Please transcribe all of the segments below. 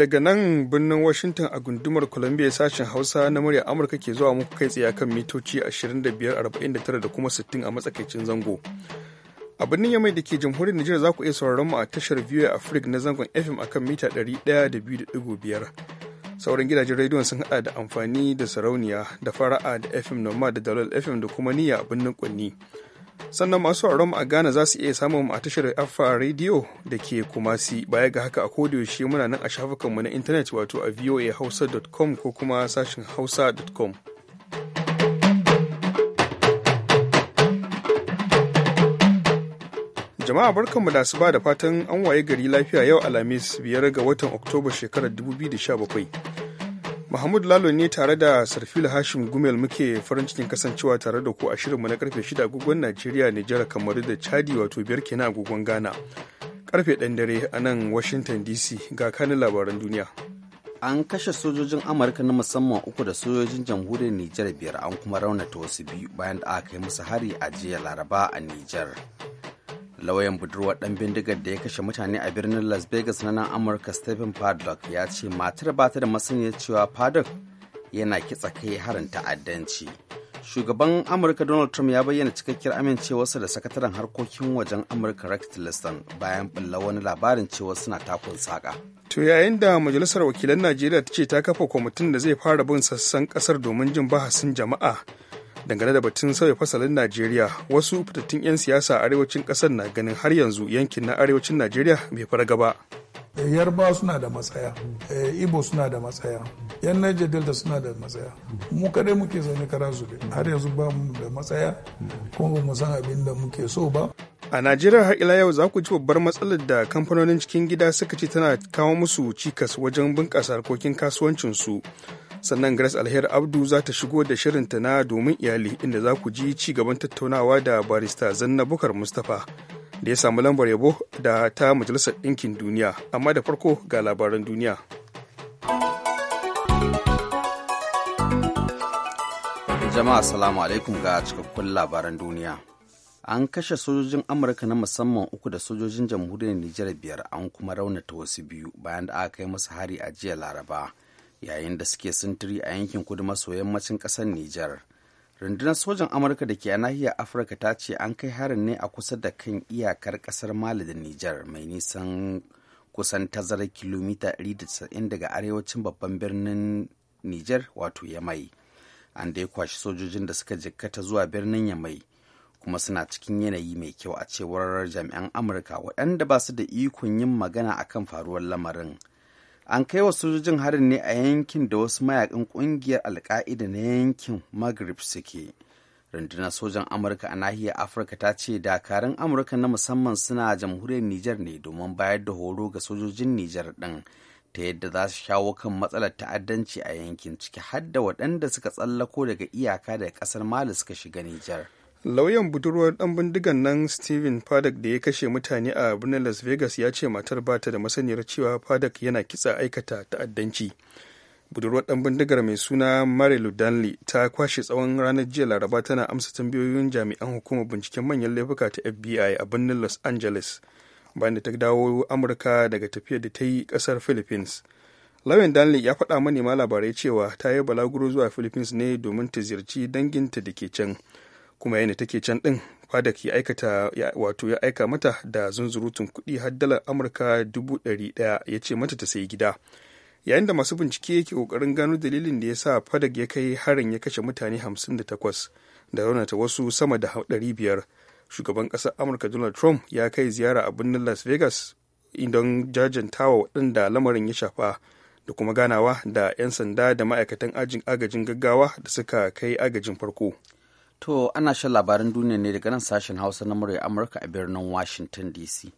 daga nan birnin Washington a gundumar Columbia sashen Hausa na murya Amurka ke zuwa muku kai tsaye kan mitoci 2549 da kuma 60 a matsakaicin zango. A birnin Yamai da ke jamhuriyar Nijar za ku iya sauraron mu a tashar VOA Africa na zangon FM akan mita 102.5. Sauran gidajen rediyon sun hada da amfani da sarauniya da fara'a da FM Nomad da Dalol FM da kuma niyya a birnin Kwanni. sannan masu mu a Ghana za su iya samun a tashar afa Radio da ke Kumasi baya ga haka a yaushe muna nan a shafukanmu na intanet wato a voahausa.com ko kuma sashin hausa.com. Jama'a barkanmu da ba da fatan an waye gari lafiya yau Alhamis biyar ga watan Oktoba shekarar 2017. Mahmud Lalo ne tare da Sarfila Hashim Gumel muke farin cikin kasancewa tare da ku a shirinmu na karfe 6 agogon Najeriya, Nijar, Kamaru da Chadi wato biyar kenan agogon Ghana. Karfe ɗan dare a nan Washington DC ga kanin labaran duniya. An kashe sojojin Amurka na musamman uku da sojojin jamhuriyar Nijar biyar an kuma raunata wasu biyu bayan da aka yi musu hari a jiya Laraba a Nijar. lauyan budurwar dan bindigar da ya kashe mutane a birnin las vegas na nan amurka stephen paddock ya ce matar ba ta da masaniyar cewa paddock yana kitsa kai harin ta'addanci shugaban amurka donald trump ya bayyana cikakkiyar amincewarsa da sakataren harkokin wajen amurka rex tillerson bayan bulla wani labarin cewa suna takun saka to yayin da majalisar wakilan najeriya ta ce ta kafa kwamitin da zai fara bin sassan kasar domin jin bahasin jama'a dangane da batun sauya fasalin najeriya wasu fitattun 'yan siyasa a arewacin kasar na ganin har yanzu yankin na arewacin najeriya bai fara gaba eh, yarba suna da matsaya eh, ibo suna da matsaya yan niger delta suna da matsaya mu kadai muke zaune kara zube har yanzu ba mu da matsaya kuma ba mu san abin da muke so ba a najeriya har ila yau za ku ji babbar matsalar da kamfanonin cikin gida suka ce tana kawo musu cikas wajen bunƙasa harkokin kasuwancinsu sannan grace alher abdu za ta shigo da shirinta na domin iyali inda za ku ji ci gaban tattaunawa da barista zanna bukar mustapha da ya samu lambar yabo da ta majalisar ɗinkin duniya amma da farko ga labaran duniya jama'a salamu alaikum ga cikakkun labaran duniya an kashe sojojin amurka na musamman uku da sojojin jamhuriyar nijar biyar an kuma raunata wasu biyu bayan da aka kai musu hari a jiya laraba yayin da suke sintiri a yankin kudu maso yammacin ƙasar Nijar. Rundunar sojan Amurka da ke a nahiyar Afirka ta ce an kai harin ne a kusa da kan iyakar ƙasar Mali da Nijar mai nisan kusan tazara kilomita 190 daga arewacin babban birnin Nijar wato Yamai. An da ya kwashi sojojin da suka jikkata zuwa birnin Yamai kuma suna cikin yanayi mai kyau a cewar jami'an Amurka waɗanda ba su da ikon yin magana akan faruwar lamarin. an kai wa sojojin harin ne a yankin da wasu mayakan kungiyar alka'ida na yankin maghrib suke rundunar sojan amurka a nahiyar afirka ta ce dakarun amurka na musamman suna jamhuriyar nijar ne domin bayar da horo ga sojojin nijar ɗin ta yadda za su shawo kan matsalar ta'addanci a yankin ciki har waɗanda suka tsallako daga iyaka daga ƙasar mali suka shiga nijar lauyan budurwar dan bindigan nan steven paddock da ya kashe mutane a birnin las vegas ya ce matar ba ta da masaniyar cewa paddock yana kitsa aikata ta'addanci budurwar dan bindigar mai suna marilu danley ta kwashe tsawon ranar jiya laraba tana amsa tambayoyin jami'an hukumar binciken manyan laifuka ta fbi a birnin los angeles bayan da ta dawo amurka daga tafiyar da ta yi kasar philippines lauyan danley ya faɗa manema labarai cewa ta yi balaguro zuwa philippines ne domin ta ziyarci danginta da ke can kuma yana take can din fadak ya aikata wato ya aika mata da zunzurutun kuɗi har dalar amurka dubu ɗari ɗaya ya ce mata ta sayi gida yayin da masu bincike ke ƙoƙarin gano dalilin da ya sa fadak ya kai harin ya kashe mutane hamsin da takwas da raunata wasu sama da ɗari biyar shugaban ƙasar amurka donald trump ya kai ziyara a birnin las vegas don jajantawa waɗanda lamarin ya shafa da kuma ganawa da 'yan sanda da ma'aikatan ajin agajin gaggawa da suka kai agajin farko. To ana shan labaran duniya ne daga nan sashen Hausa na murya Amurka a birnin Washington DC.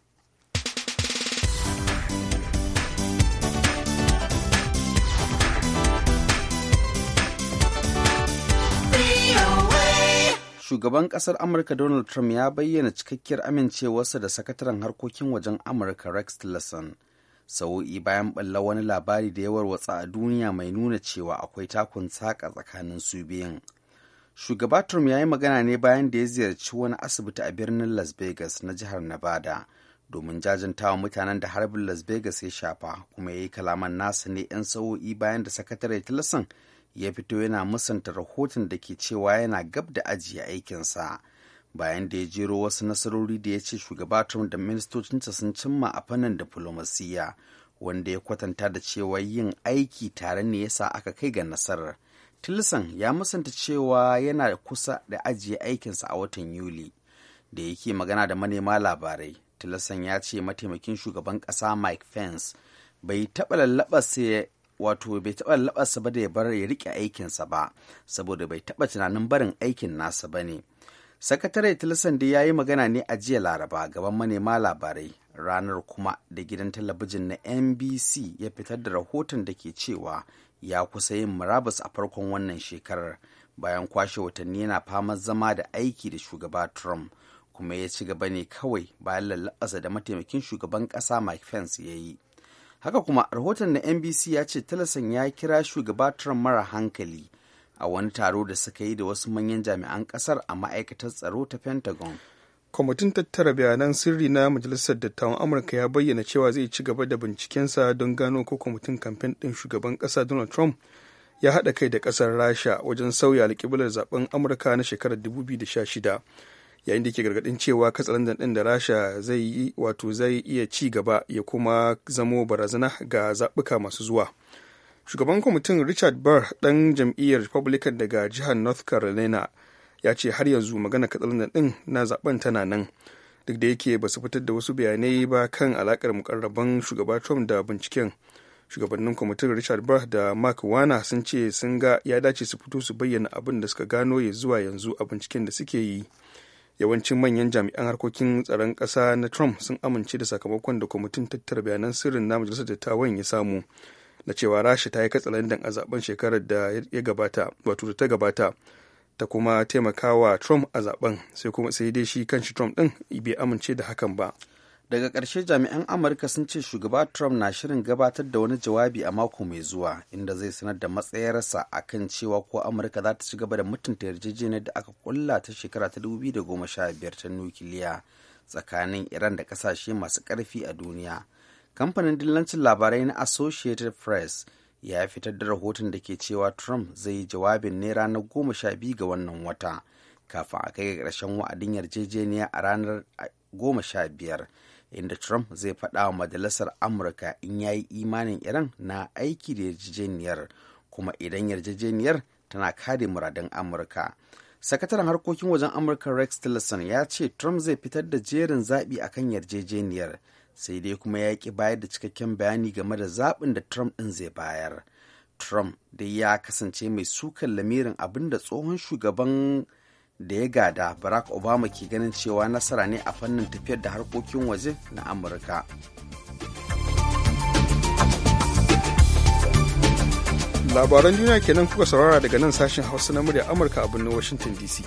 Shugaban ƙasar Amurka Donald Trump ya bayyana cikakkiyar amincewarsa da sakataren harkokin wajen Amurka Rex Tillerson. Sau'i bayan balla wani labari da ya warwatsa a duniya mai nuna cewa akwai takun saƙa tsakanin su biyun. shugaba trump ya yi magana ne bayan da ya ziyarci wani asibiti a birnin las vegas na jihar nevada domin jajantawa mutanen da harbin las vegas ya shafa kuma ya yi kalaman nasa ne 'yan sa'o'i bayan da sakatare tilson ya fito yana musanta rahoton da ke cewa yana gab da ajiye aikinsa bayan da ya jero wasu nasarori da ya ce shugaba trump da ministocinsa sun cimma a fannin diflomasiyya wanda ya kwatanta da cewa yin aiki tare ne yasa aka kai ga nasarar tilson ya musanta cewa yana kusa da ajiye aikinsa a watan yuli da yake magana da manema labarai tilson ya ce mataimakin shugaban ƙasa mike pence bai taɓa lallaɓarsa wato bai taɓa lallaɓarsa ba da ya bar ya riƙe aikinsa ba saboda bai taɓa tunanin barin aikin nasa ba ne sakatare tilson da ya yi magana ne a jiya laraba gaban manema labarai ranar kuma da gidan talabijin na nbc ya fitar da rahoton da ke cewa ya kusa yin murabus a farkon wannan shekarar bayan kwashe watanni yana fama zama da aiki da shugaba Trump kuma ya ci gaba ne kawai bayan lallaɓasa da mataimakin shugaban ƙasa Mike Pence ya yi. Haka kuma rahoton na NBC ya ce talasan ya kira shugaba Trump mara hankali a wani taro da suka yi da wasu manyan jami'an kasar a ma'aikatar tsaro ta Pentagon. kwamitin tattara bayanan sirri na majalisar dattawan amurka ya bayyana cewa zai ci gaba da bincikensa don gano ko kwamitin kamfen ɗin shugaban ƙasa donald trump ya haɗa kai da ƙasar rasha wajen sauya alƙiblar zaben amurka na shekarar 2016 yayin da ke gargaɗin cewa katsalandan ɗin da rasha zai yi wato zai iya ci gaba ya kuma zamo barazana ga zaɓuka masu zuwa shugaban kwamitin richard burr ɗan jam'iyyar republican daga jihar north carolina ya ce har yanzu magana katsalandan din na zaben tana nan duk da yake ba su fitar da wasu bayanai ba kan alakar mukarraban shugaba trump da binciken shugabannin kwamitin richard burr da mark wana sun ce sun ga ya dace su fito su bayyana abin da suka gano ya zuwa yanzu a binciken da suke yi yawancin manyan jami'an harkokin tsaron ƙasa na trump sun amince da sakamakon da kwamitin tattara bayanan sirrin na majalisar dattawan ya samu na cewa rasha ta yi katsalandan a zaben shekarar da ya gabata wato ta gabata ta kuma taimakawa trump a zaben sai kuma sai dai shi kanshi trump din bai amince da hakan ba daga ƙarshe jami'an amurka sun ce shugaba trump na shirin gabatar da wani jawabi a mako mai zuwa inda zai sanar da matsayarsa a kan cewa ko amurka za ta ci gaba da mutunta yarjejeniyar da aka kulla ta shekara ta da biyar ta nukiliya tsakanin iran da ƙasashe masu ƙarfi a duniya kamfanin dillancin labarai na associated press ya fitar da rahoton da ke cewa Trump zai yi jawabin ne ranar goma sha biyu ga wannan wata kafin a kai ga ƙarshen wa'adin yarjejeniya a ranar goma sha biyar inda Trump zai faɗa wa majalisar Amurka in ya yi imanin Iran na aiki da yarjejeniyar kuma idan yarjejeniyar tana kare muradin Amurka. sakataren harkokin wajen amurka rex tillerson ya ce trump zai fitar da jerin zaɓi akan yarjejeniyar sai dai kuma ya ki bayar da cikakken bayani game da zaɓin da trump ɗin zai bayar trump dai ya kasance mai sukan lamirin abin da tsohon shugaban da ya gada barack obama ke ganin cewa nasara ne a fannin tafiyar da harkokin waje na amurka labaran duniya kenan kuka saurara daga nan sashen hausa na murya amurka a birnin washington dc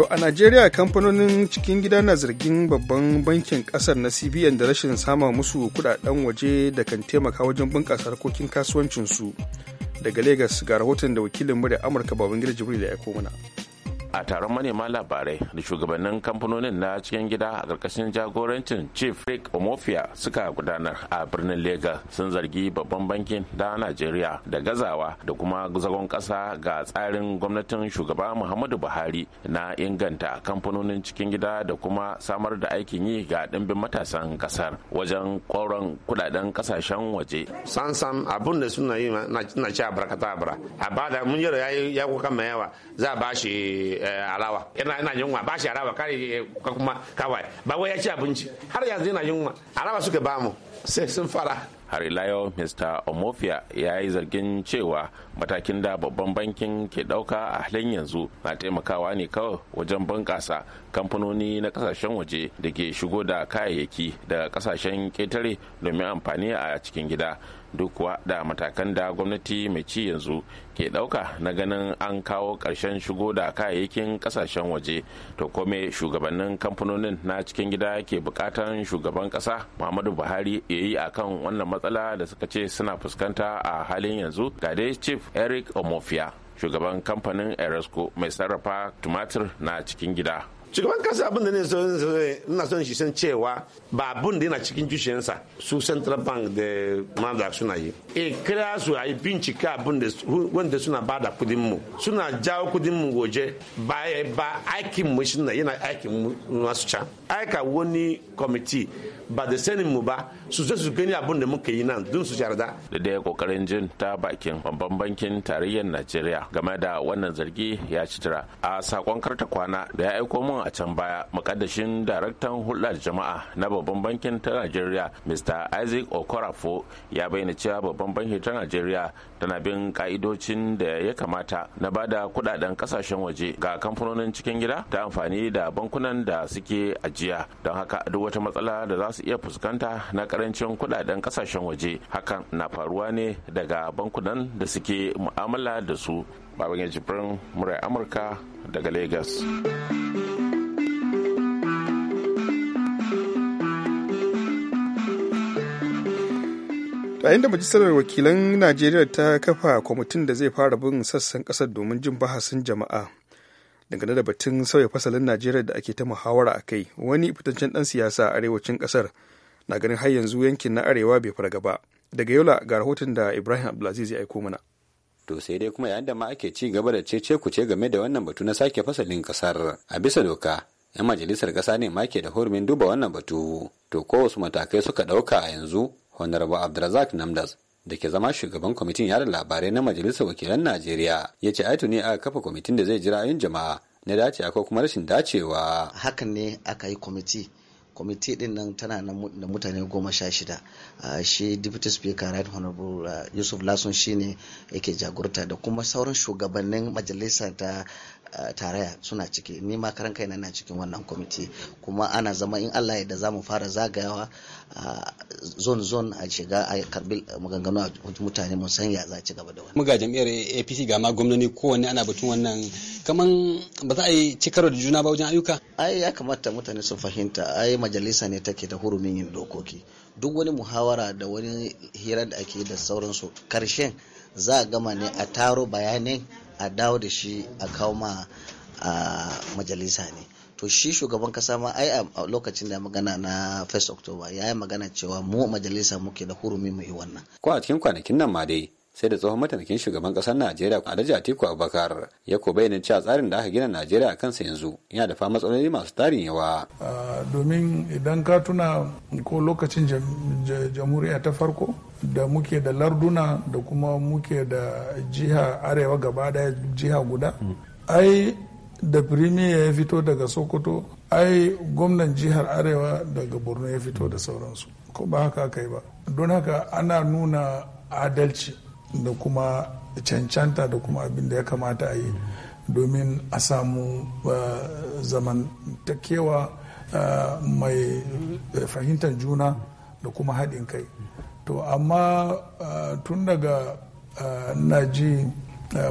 To a Najeriya kamfanonin cikin gida na zargin babban bankin kasar na CBN da rashin sama musu kudaden waje da kan taimaka wajen bunƙasa harkokin kasuwancinsu. Daga Legas ga rahoton da wakilin murya Amurka Babangida Jibril ya aiko mana. a taron manema labarai da shugabannin kamfanonin na cikin gida a ƙarƙashin jagorancin chief rick omofia suka gudanar a birnin legas sun zargi babban bankin da najeriya da gazawa da kuma zagon ƙasa ga tsarin gwamnatin shugaba muhammadu buhari na inganta kamfanonin cikin gida da kuma samar da aikin yi ga ɗimbin matasan ƙasar wajen ƙoron kudaden ƙasashen waje sansan abun da suna yi na ci a barkata bara a bada mun yi ya kuka mai yawa za a ba Eh, alawa ina ina yunwa ba shi alawa kare kuma kawai ba wai ya ci abinci har yanzu yana yunwa alawa suka ba mu sai sun fara har ilayo mr omofia ya yi zargin cewa matakin da babban bankin ke dauka a halin yanzu na taimakawa ne kawai wajen bunƙasa kamfanoni na kasashen waje da ke shigo da kayayyaki daga kasashen ketare domin amfani a cikin gida duk kuwa da matakan da gwamnati mai ci yanzu ke ɗauka na ganin an kawo ƙarshen shigo da kayayyakin ƙasashen waje to kome shugabannin kamfanonin na cikin gida ke buƙatan shugaban ƙasa muhammadu buhari ya yi akan wannan matsala da suka ce suna fuskanta a halin yanzu ga dai chief eric omofia shugaban kamfanin erasco mai sarrafa tumatir na cikin gida shugaban kasa abin da ne ina son shi san cewa ba abin da yana cikin zuciyarsa su central bank da mada suna yi e kira su a yi bincika abin da wanda suna ba da kudin mu suna jawo kudin mu waje ba ba aikin mu shi yana aikin masu can aika wani kwamiti ba da sanin mu ba su zai su gani abin da muka yi nan dun su jarda da daya kokarin jin ta bakin babban bankin tarayyar najeriya game da wannan zargi ya ci a sakon karta kwana da ya aiko mun a can baya makaddashin daraktan hulɗar jama'a na babban bankin ta najeriya mr isaac okorafo ya bayyana cewa babban bankin ta najeriya tana bin ka'idocin da ya kamata na bada kudaden kasashen waje ga kamfanonin cikin gida ta amfani da bankunan da suke ajiya don haka duk wata matsala da za su iya fuskanta na karancin kudaden kasashen waje hakan na faruwa ne daga bankunan da suke mu'amala da su Babban jibrin murai amurka daga lagos to a inda majalisar wakilan najeriya ta kafa kwamitin da zai fara bin sassan kasar domin jin bahasin jama'a dangane da batun sauya fasalin najeriya da ake ta muhawara a kai wani fitaccen ɗan siyasa a arewacin kasar na ganin har yanzu yankin na arewa bai fara gaba daga yola ga rahoton da ibrahim abdulaziz ya aiko mana to sai dai kuma yayin da ma ake ci gaba da cece ce game da wannan batu na sake fasalin kasar a bisa doka yan majalisar kasa ne ma ke da hurumin duba wannan batu to ko wasu matakai suka dauka a yanzu honorable abdulrazak namdas da ke zama shugaban kwamitin yada labarai na majalisar wakilan najeriya ya ce aitu ne aka kafa kwamitin da zai ji ra'ayin jama'a na dace ko kuma rashin dacewa hakan ne aka yi kwamiti kwamiti din nan tana da mutane goma sha shida shi deputy speaker right honorable yusuf lasun shine yake jagorta da kuma sauran shugabannin Majalisar ta taraya suna ciki ni ma karan kaina na cikin wannan kwamiti kuma ana zama in Allah ya da za mu fara zagayawa zon zon a shiga a karbi maganganu a mutane mun san ya za ci gaba da wani. Muga jami'ar APC ga ma ko kowanne ana batun wannan kaman ba za a yi cikaro da juna ba wajen ayyuka? Ai ya kamata mutane su fahimta ai majalisa ne take da hurumin yin dokoki duk wani muhawara da wani hira da ake da sauransu karshen za a gama ne a taro bayanai a dawo da shi a kawo ma majalisa ne to shi shugaban kasa ma ai a lokacin da magana na 1 Oktoba ya yi magana cewa mu majalisa muke da hurumi mu wannan. Ko a cikin kwanakin nan ma dai sai da tsohon mataimakin shugaban kasar najeriya alhaji atiku abubakar ya ko bayyana cewa tsarin da aka gina najeriya kansa yanzu yana da fama matsaloli masu tarin yawa domin idan ka tuna ko lokacin jamhuriya ta farko da muke da larduna da kuma muke da jiha arewa gaba daya jiha guda ai da premier ya fito daga sokoto ai gwamnan jihar arewa daga borno ya fito da sauransu ko ba haka kai ba don haka ana nuna adalci da kuma cancanta da kuma abin da ya kamata a yi domin a samu uh, zamantakewa uh, mai fahimtar juna da kuma haɗin kai to amma uh, tun daga naji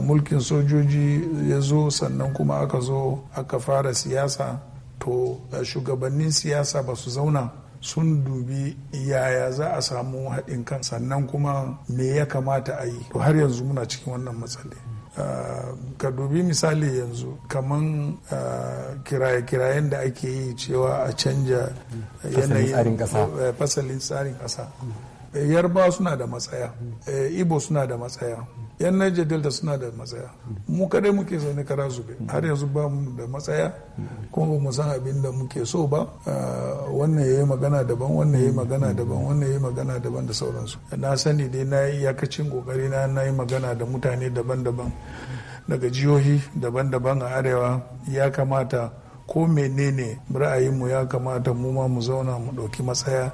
mulkin sojoji ya zo sannan kuma aka zo aka fara siyasa to shugabannin siyasa ba su zauna sun dubi yaya za a samu haɗin kan sannan kuma me ya kamata a yi har yanzu muna cikin wannan matsali ah, ka dubi misali yanzu kaman ah, kiraye-kirayen da ake yi cewa a canja yanayin eh, fasalin tsarin ƙasa eh, yarba suna da matsaya eh, ibo suna da matsaya yan niger delta suna da matsaya mu kadai muke zaune kara zube har yanzu ba mu da matsaya kuma ba mu san abin da muke so ba ah, wannan ya yi magana daban wannan ya yi magana daban wannan ya yi magana daban da sauransu na sani dai na yi iyakacin kokari na na yi magana da mutane daban-daban daga jihohi daban-daban a arewa ya kamata ko menene ra'ayinmu ya kamata mu ma mu zauna mu ɗauki matsaya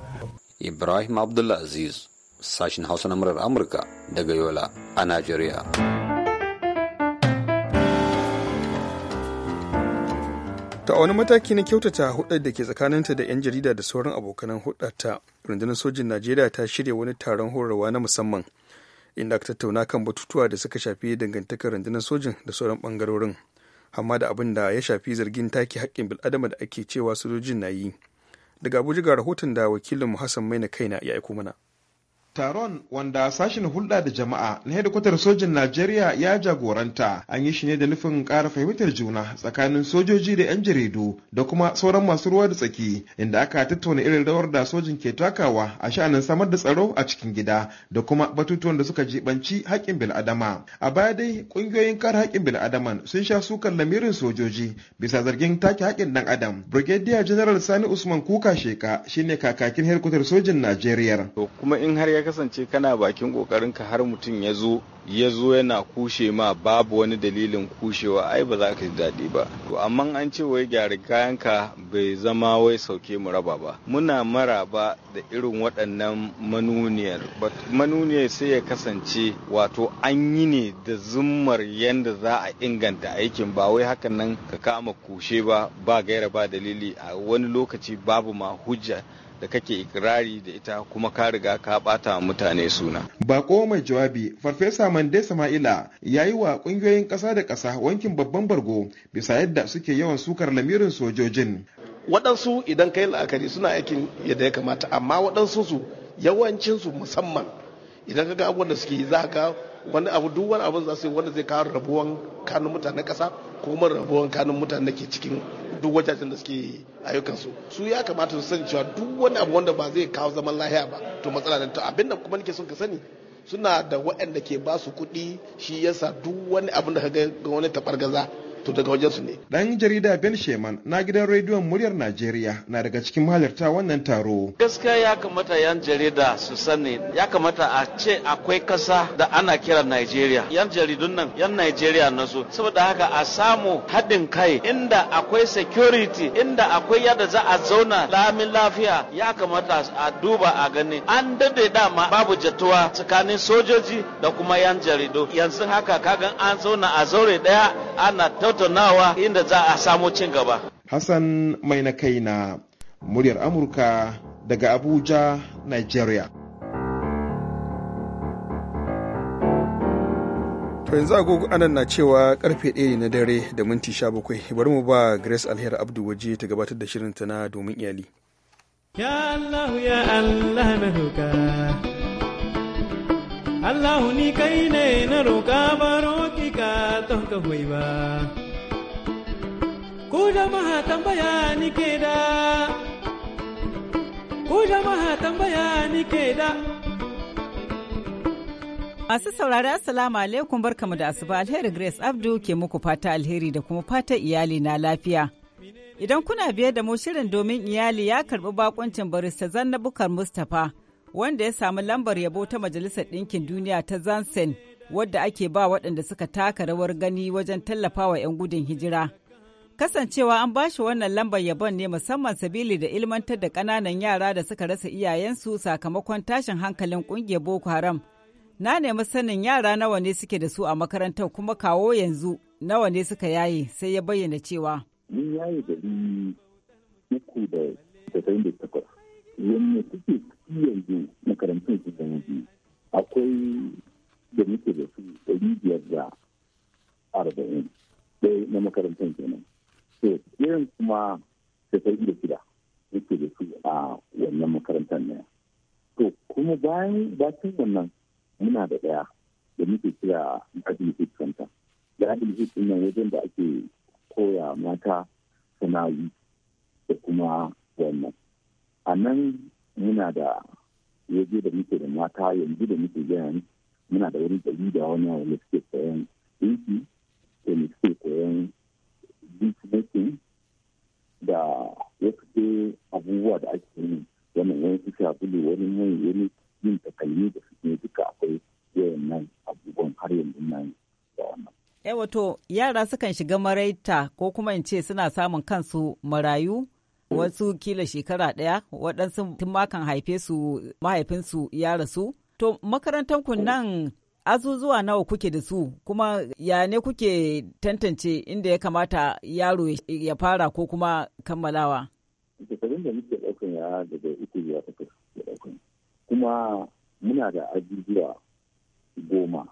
ibrahim abdulaziz sashen hausa na murar amurka daga yola a najeriya ta wani mataki na kyautata hudar da ke tsakaninta da 'yan jarida da sauran abokanan hudarta rundunar sojin najeriya ta shirya wani taron horarwa na musamman inda aka tattauna kan batutuwa da suka shafi dangantakar rundunar sojin da sauran bangarorin amma da abin da ya shafi zargin take haƙƙin bil'adama da ake cewa sojojin na yi daga abuja ga rahoton da wakilinmu hassan maina kaina ya aiko mana Taron wanda sashen hulɗa da jama'a na hedikwatar sojin Najeriya ya jagoranta an yi shi ne da nufin ƙara fahimtar juna tsakanin sojoji da 'yan jaridu da kuma sauran masu ruwa da tsaki inda aka tattauna irin rawar da sojin ke takawa a sha'anin samar da tsaro a cikin gida da kuma batutuwan da suka jibanci haƙƙin bil'adama. A baya dai ƙungiyoyin kare haƙƙin bil'adaman sun sha sukan lamirin sojoji bisa zargin take haƙƙin ɗan adam. Brigadier General Sani Usman Kuka Sheka shine kakakin hedikwatar sojin Najeriya. Kuma in kasance kana bakin kokarin ka har mutum ya zo ya zo yana kushe ma babu wani dalilin kushewa ai ba za ka ji daɗi ba to amma an ce wai gyara kayanka bai zama wai sauke mu raba ba muna maraba da irin waɗannan manuniyar manuniyar sai ya kasance wato an yi ne da zummar yadda za a inganta aikin ba wai hakan nan ka kama kushe ba ba gaira ba dalili a wani lokaci babu ma hujja da kake ikirari da ita kuma ka riga ka bata mutane suna. Bako mai jawabi Farfesa Mande Sama'ila ya yi wa kungiyoyin ƙasa da ƙasa wankin babban bargo bisa yadda suke yawan sukar lamirin sojojin. Waɗansu idan kai la'akari suna aikin yadda ya kamata amma waɗansu su yawancinsu musamman idan ka ga abubuwan da suke yi za ka wani abu duk wani abu za su yi wanda zai kawo rabuwan kanun mutanen kasa ko kuma rabuwan kanun mutanen da ke cikin duk wajajen da suke ayyukan su su ya kamata su sani cewa duk wani abu wanda ba zai kawo zaman lahiya ba to matsala ne to abin da kuma nake son ka sani suna da waɗanda ke ba su kuɗi shi yasa duk wani abin da ka ga wani tabargaza to daga wajen su ne dan jarida Ben Sheman na gidan rediyon muryar Najeriya na daga cikin mahalarta wannan taro gaskiya ya kamata yan jarida su sani ya kamata a ce akwai kasa da ana kira Najeriya yan jaridun nan yan Najeriya na su saboda haka a samu haɗin kai inda akwai security inda akwai yadda za a zauna lamin lafiya ya kamata a duba a gani an dade ma. babu jatuwa tsakanin sojoji da kuma yan jaridu yanzu haka kagan an zauna a zaure daya ana ta tattaunawa inda za a samo cin gaba. Hassan mai na kai na muryar Amurka daga Abuja, Nigeria. To yanzu agogo anan na cewa karfe ɗaya na dare da minti sha bakwai bari mu ba Grace Alher Abdu waje ta gabatar da shirinta na domin iyali. Ya Allah ya Allah na roƙa. Allah ni kai ne na roƙa baro ki ka ba. ku jama'a tambaya ni ke da ku jama'a tambaya ni da Masu saurari Assalamu alaikum barkamu da asuba alheri Grace Abdu ke muku fata alheri da kuma fata iyali na lafiya. Idan kuna biye da mu shirin domin iyali ya karbi bakuncin barista zanna bukar Mustapha wanda ya samu lambar yabo ta Majalisar Ɗinkin Duniya ta Zansen wadda ake ba waɗanda suka taka rawar gani wajen tallafawa 'yan gudun hijira. Kasancewa an bashi wannan lambar yabon ne musamman sabili da ilmantar da ƙananan yara da suka rasa iyayensu sakamakon tashin hankalin ƙungiyar Boko Haram. Na nemi sanin yara nawa ne suke da su a makarantar kuma kawo yanzu nawa ne suka yaye sai ya bayyana cewa. Mun yaye dari uku da tasa'in da takwas. Wanne suke yanzu makarantun su zama biyu. Akwai da muke da su ɗari biyar da arba'in. Ɗaya na makarantar kenan. to irin kuma casa'in da gida yake da su a wannan makarantar ne to kuma bayan bacin wannan muna da daya da muke kira Garden Heat Center. Garden Heat nan wajen da ake koya mata sana'o'i da kuma wannan. A nan muna da waje da muke da mata yanzu da muke gani muna da wani ɗari wani wani suke koyan ɗinki da muke koyan beatmaking da fito abubuwa da ake yi wannan wani su sabulu wani mai wani yin takalmi da suke duka akwai yawan nan abubuwan har yanzu nan da wannan. wato yara sukan shiga maraita ko kuma in ce suna samun kansu marayu wasu kila shekara daya waɗansu tun makan haife su mahaifinsu ya rasu. To makarantar nan azuzuwa nawa kuke da su kuma ya ne kuke tantance inda ya kamata yaro ya fara ko kuma kammalawa? Shekarun da muke ɗaukan ya daga uku zuwa takwas da Kuma muna da ajujuwa goma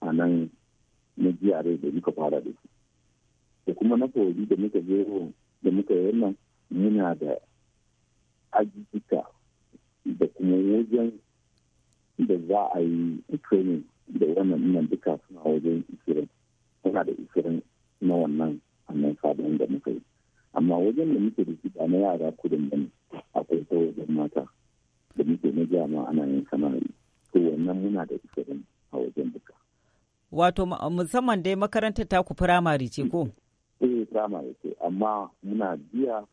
a nan na jiyare da muka fara da su. Da kuma na kori da muka zero da muka yi nan muna da ajujuka da kuma wajen da za a yi training da wannan nan duka suna wajen isirin suna da isirin na wannan hannun sabon da muka yi amma wajen da muke da shida na yara kudin bane akwai ta wajen mata da muke na jama ana yin sana'o'i to wannan muna da isirin a wajen duka. wato musamman dai makarantar ta ku firamare ce ko. eh firamare ce amma muna biya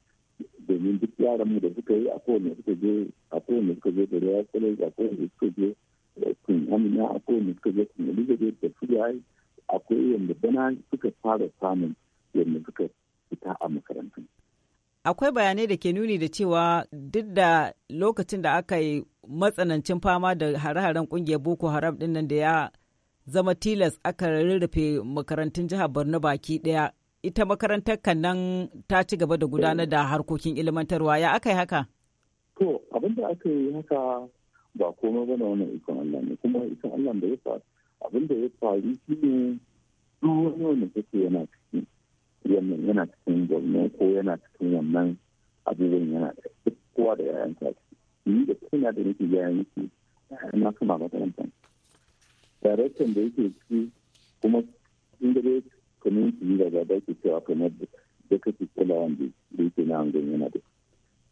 domin duk yaran mu da suka yi a kowane suka je a kowane suka je da ya a kowane suka je kun amina akwai wanda suka zo kun elizabeth da fulai akwai wanda bana suka fara samun wanda suka fita a makarantu. akwai bayanai da ke nuni da cewa duk da lokacin da aka yi matsanancin fama da hare-haren kungiyar boko haram din nan da ya zama tilas aka rarrafe makarantun jihar borno baki daya ita makarantar kan nan ta ci gaba da gudanar da harkokin ilmantarwa ya aka yi haka to abinda aka yi haka ba komai bane wannan ikon Allah ne kuma ikon Allah da ya faru abin da ya faru shi ne duk wani wanda take yana cikin yana cikin gwamna ko yana cikin wannan abubuwan yana da kowa da yayan ta ni da kaina da nake yayan na kuma da yake ciki kuma inda dai community da gaba ke cewa kamar da kake da yake na yana da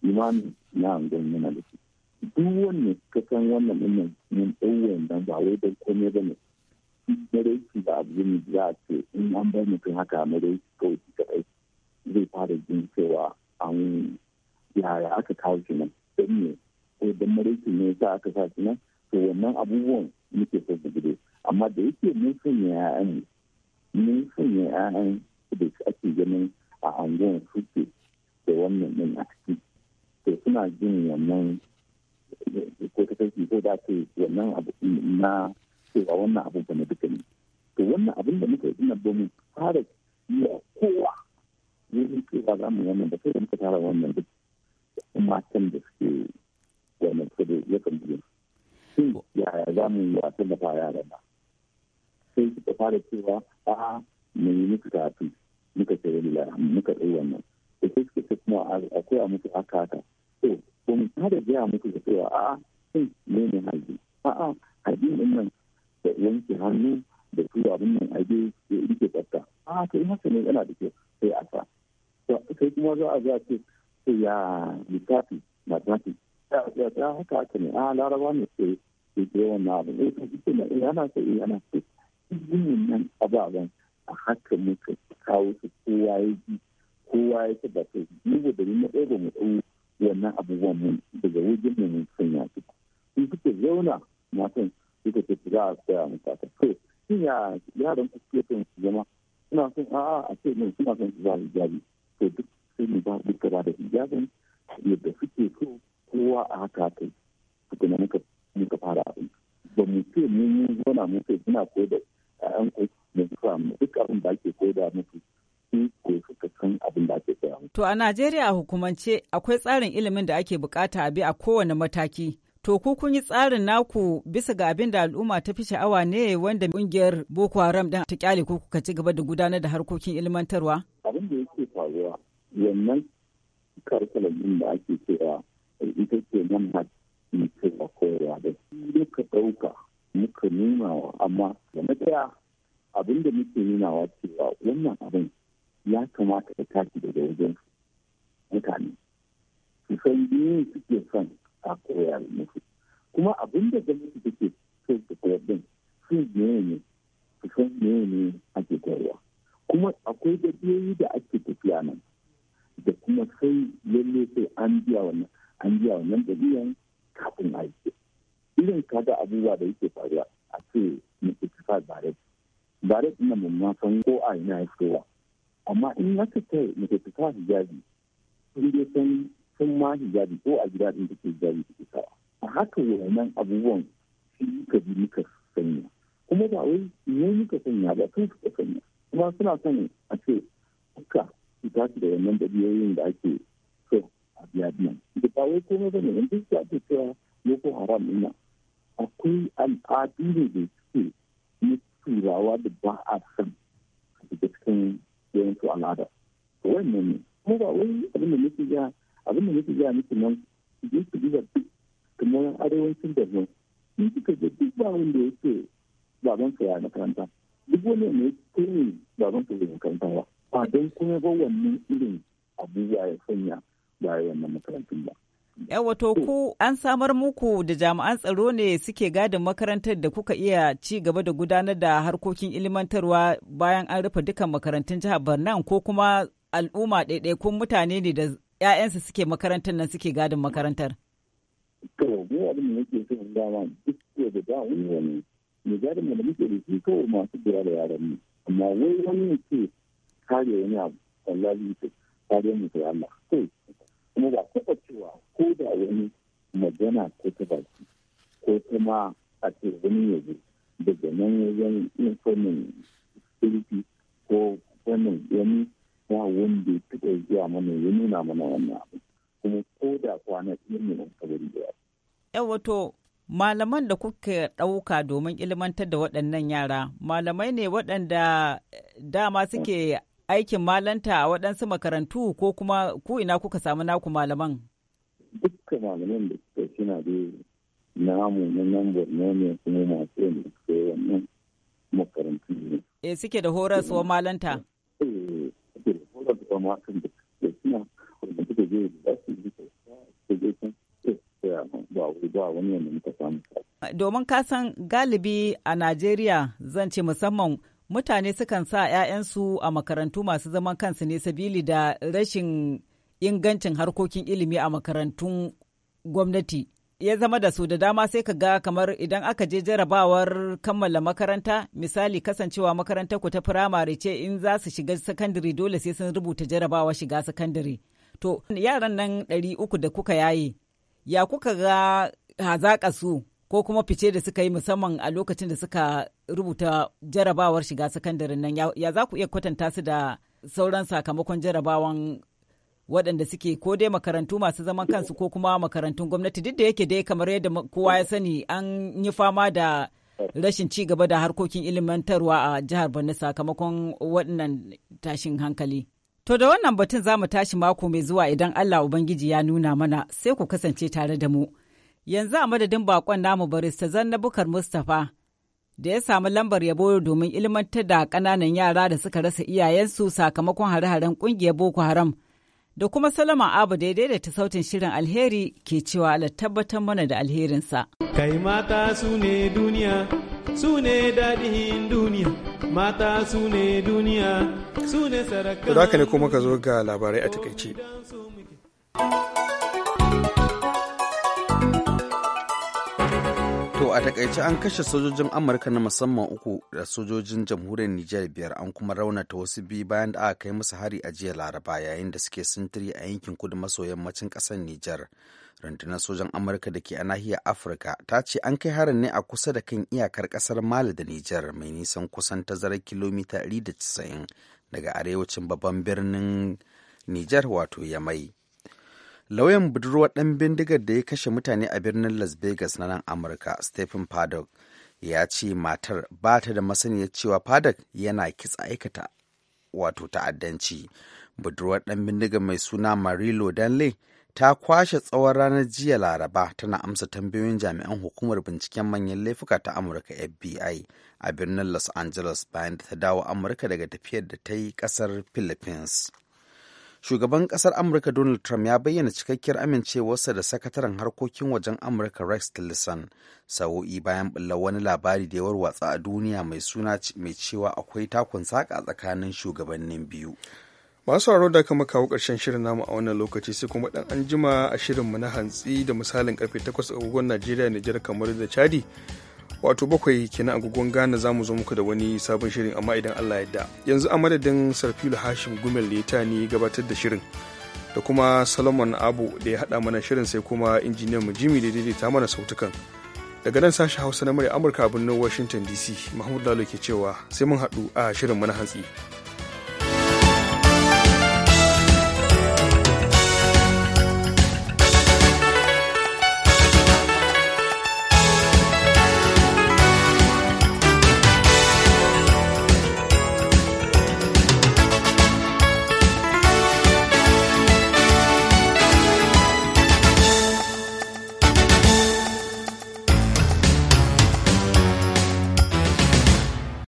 imani na yana da shi duk wani kakan san wannan dinnan mun ɗauwan nan ba wai don kome ba ne madaiki da abu ne za a ce in an bar mutum haka madaiki kawai shi kaɗai zai fara jin cewa an yaya aka kawo shi nan don ne ko don madaiki ne sa aka sa shi nan to wannan abubuwan muke so su gudu amma da yake mun sanya ya'yan mun sanya ya'yan da ake ganin a anguwan suke da wannan din a ciki to suna jin wannan ko ta kai ko da ce wannan abu na cewa wannan abu ba na duka ne to wannan abin da muka yi na domin fara iya kowa yin cewa za mu wannan ba kai da muka tara wannan duk matan da suke wannan kudu ya kan biyu ya yaya za mu yi wasan da fara da ba sai suka fara cewa a mu yi muku tafi muka ce wani muka tsaye wannan da sai suka ce kuma a a muku haka haka to ko ta da gaya muku da cewa a'a sun ne ne a a'a halbin din nan da yanke hannu da su abin nan aje ya rike tsafta a'a to in haka ne yana da kyau sai a sa sai kuma za a za ce sai ya littafi mathematics ya ta haka haka ne a laraba ne sai ke ke wannan abin eh to shi ne eh, yana sai yana eh, sai yin nan ababen a haka muka kawo su kowa ya ji kowa ya tabbata mu da na ɗaya ba mu ɗau wannan abubuwan daga wajen mu mun sanya su in suka zauna matan suka ce za a tsaya mu ta to shin ya yaran ku suke son su zama suna son a a ce ne suna son su za su to duk sai mu ba duka ba da hijabin yadda suke so kowa a haka kai suka na muka fara abin ba mu ce mun zauna mun ce muna koyar da 'ya'yan ku mu duka abin da ake koyar da musu ko suka san abin da ake koya To a Najeriya a hukumance akwai tsarin ilimin da ake bukata a bi a kowane mataki. To ku kun yi tsarin naku bisa ga abin da al'umma ta fi sha'awa ne wanda ƙungiyar Boko Haram ɗin ta kyale ku kuka ci gaba da gudanar da harkokin ilmantarwa? Abin da yake faruwa wannan karkalar din da ake cewa ita ce nan manhaj ce a koyarwa da muka ɗauka muka wa amma da na abin da muke wa cewa wannan abin ya kamata ta tashi daga wajen mutane su san biyu suke son a koya musu kuma abin da gwamnati take so su koyar din su biyu ne su san biyu ne ake koyarwa kuma akwai biyu da ake tafiya nan da kuma sai lalle sai an biya wannan an biya wannan biyan kafin a yi irin kaga abubuwa da yake faruwa a ce mutu ba bare bare ina mun san ko a ina ya fitowa amma in aka ce mace ta sa hijabi sun je san sun ma hijabi ko a gida din take hijabi take sawa a haka wannan abubuwan shi ka bi muka sanya kuma ba wai ne muka sanya ba kan ka sanya kuma suna son a ce duka su tashi da wannan dabiyoyin da ake so a biya biyan da ba wai komai ba ne in duk ake cewa boko haram ina akwai al'adu ne da suke na turawa da ba a san a cikin yawanci al'ada to wannan ne kuma ba wai abin da nake ga abin da nake ga miki nan je su duba duk kamar arewacin da nan in kika je duk ba wanda yake baban sa ya makaranta duk wani ne ko ne baban sa ya makaranta ba ba don kuma ba wannan irin abubuwa ya sanya ba wannan makarantun ba wato ku an samar muku da jami'an tsaro ne suke gadin makarantar da kuka iya ci gaba da gudanar da harkokin ilmantarwa bayan an rufe dukkan makarantun jihar Barnan ko kuma al'umma kun mutane ne da 'ya'yansu suke makarantar nan suke gadin makarantar. To, mu abin da muke so in dama duk da da wani wani mu gadin da muke da shi kawai masu kula da yaran mu amma wai wani ne ke kare wani abu wallahi ta kare mu sai Allah. Kai kuma ba taɓa cewa ko da wani magana ko ta baki ko kuma a ce wani daga nan wajen yin fannin sirfi ko fannin yanzu ba wanda ya taɓa zuwa mana ya nuna mana wannan abu kuma ko da kwana ɗin ne wani kabari da yawa. wato malaman da kuka ɗauka domin ilmantar da waɗannan yara malamai ne waɗanda eh, dama suke aikin malanta a waɗansu makarantu ko kuma ku ina kuka samu naku malaman? Dukka malaman da suka suna da namu na nan Borno ne kuma masu yin da wannan makarantu ne. E suke da horaswa malanta? Eh, suke da horaswa malanta da suke suna wanda suka je da su suka je can ba wani yadda ta samu. Domin kasan galibi a Najeriya zan ce musamman mutane sukan sa 'ya'yansu a makarantu masu zaman kansu ne sabili da rashin ingancin harkokin ilimi a makarantun gwamnati. ya zama da su da dama sai ka ga kamar idan aka je jarabawar kammala makaranta misali kasancewa makarantar ku ta firamare ce in za su shiga sakandare dole sai sun rubuta jarabawa shiga sakandare to yaran nan ɗari uku da kuka yaye ya kuka ga hazaƙa su ko kuma fice da suka yi musamman a lokacin da suka rubuta jarabawar shiga sakandaren nan ya za ku iya kwatanta su da sauran sakamakon jarabawan waɗanda suke ko dai makarantu masu zaman kansu ko kuma makarantun gwamnati duk da yake dai kamar yadda kowa ya sani an yi fama da rashin ci gaba da harkokin ilimantarwa a jihar Borno sakamakon waɗannan tashin hankali. To da wannan batun za mu tashi mako mai zuwa idan Allah Ubangiji ya nuna mana sai ku kasance tare da mu. yanzu a madadin bakon namu barista zannabukar mustapha da ya samu lambar yabo domin ilmantar da kananan yara da suka rasa iyayensu sakamakon hare-haren kungiyar boko haram da kuma salama abu daidai da ta sautin shirin alheri ke cewa ala tabbatar mana da alherinsa kai mata su ne duniya su ne daɗin duniya mata su ne duniya su ne sarakan ne kuma ka zo ga labarai a takaice To a takaice an kashe sojojin Amurka na musamman uku da sojojin jamhuriyar Nijar biyar an kuma raunata wasu biyu bayan da aka kai musu hari a jiya Laraba yayin da suke sintiri a yankin kudu maso yammacin ƙasar Nijar. Rundunar sojan Amurka da ke a nahiyar Afirka ta ce an kai harin ne a kusa da kan iyakar ƙasar Mali da Nijar mai nisan kusan tazarar kilomita 190 daga arewacin babban birnin Nijar wato Yamai. lauyan budurwar ɗan bindigar da ya kashe mutane a birnin las vegas na nan amurka stephen paddock ya ce matar ba ta da masaniya cewa paddock yana kitsa aikata wato ta'addanci budurwar ɗan bindigar mai suna marilo danley ta kwashe tsawon ranar jiya laraba tana amsa tambayoyin jami'an hukumar binciken manyan laifuka ta amurka fbi a birnin los angeles bayan da ta dawo amurka daga tafiyar da ta yi ƙasar philippines shugaban kasar amurka donald trump ya bayyana cikakkiyar amincewarsa da sakataren harkokin wajen amurka rex tillerson sa'o'i bayan bulla wani labari da ya warwatsa a duniya mai suna mai cewa akwai takun saka tsakanin shugabannin biyu masu sauraro da kama kawo karshen shirin namu a wannan lokaci sai kuma dan anjima a shirin mu na hantsi da misalin karfe 8 agogon najeriya nijar kamar da chadi wato bakwai kenan agogon gane za mu zo muku da wani sabon shirin amma idan Allah yadda yanzu a madadin Sarfilu Hashim Gumel da ya tani gabatar da shirin da kuma Solomon Abu da ya hada mana shirin sai kuma injiniyan mu Jimmy da daidaita mana sautukan daga nan sashi Hausa na murya Amurka a birnin Washington DC Mahmud Lalo ke cewa sai mun haɗu a shirin mana hantsi.